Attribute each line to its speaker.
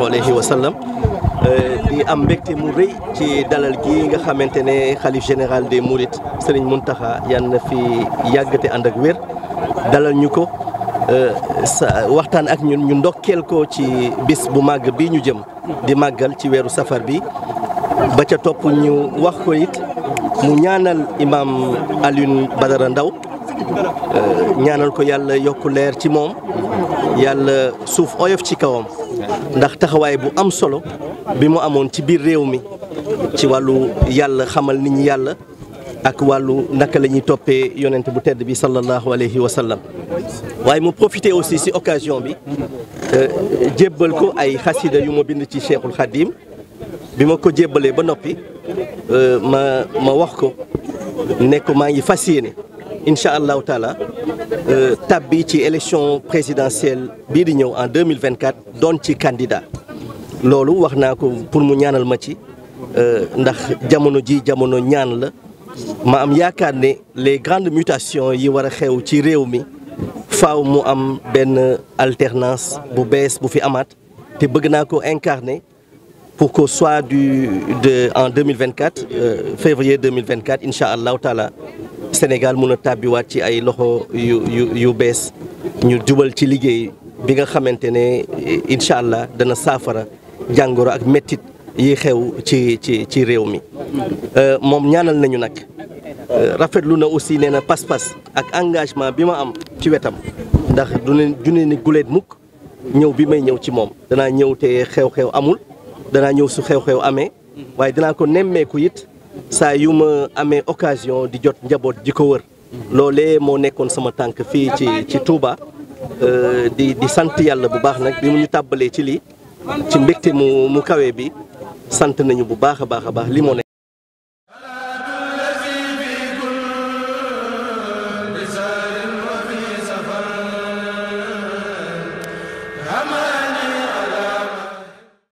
Speaker 1: sallallahu alayhi wa euh, am mbégte mu rëy ci dalal gi nga xamante ne xalif général des Mourides Serigne Mountakha yal na fi yàggate ànd ak wér dalal ñu ko euh, waxtaan ak ñun ñu ndokkeel ko ci bis bu màgg bi ñu jëm di màggal ci weeru safar bi ba ca topp ñu wax ko it mu ñaanal imam Alioune Badara Ndao Euh, ñaanal ko yàlla yokk leer ci moom yàlla suuf oyof ci kawam ndax taxawaay bu am solo bi mu amoon ci biir réew mi ci wàllu yàlla xamal nit ñi yàlla ak wàllu naka lañuy toppee yonent bu tedd bi sallallahu alayhi wa sallam waaye mu profité aussi si occasion bi euh, jébbal ko ay xasida yu ma bind ci Cheikhul Khadim bi ma ko jébbalee ba noppi euh, ma ma wax ko nekk maa ngi fas yéene incha allahu taala euh, tabbi ci élection présidentielle bii di ñëw en 2024 doon ci candidat loolu wax naa ko pour mu ñaanal ma ci euh, ndax jamono ji jamono ñaan la ma am yaakaar ne les grandes mutations yi war a xew ci réew mi faaw mu am benn alternance bu bees bu fi amaat te bëgg naa ko incarner pour ko soir du de en 2024 euh, février 2024 incha allahu taala Sénégal mun a tàbbiwaat ci ay loxo yu yu bees ñu jubal ci liggéey bi nga xamante ne incha allah dana saafara jàngoro ak mettit yi xew ci ci réew mi euh, moom ñaanal nañu nag euh, rafetlu na aussi nee na pas-pas ak engagement bi ma am ci wetam ndax du ne du ne ni guleet mukk ñëw bi may ñëw ci moom danaa ñëw te xew-xew amul danaa ñëw su xew-xew amee waaye dinaa ko nemmeeku yit saa yu ma amee occasion di jot njaboot ji ko wër loole moo nekkoon sama tànk fii ci ci Touba euh, di di sant yàlla bu baax nag bi mu ñu tàbbalee ci lii ci mbégte mu mu kawe bi sant nañu bu baax a baax a baax li moo nekk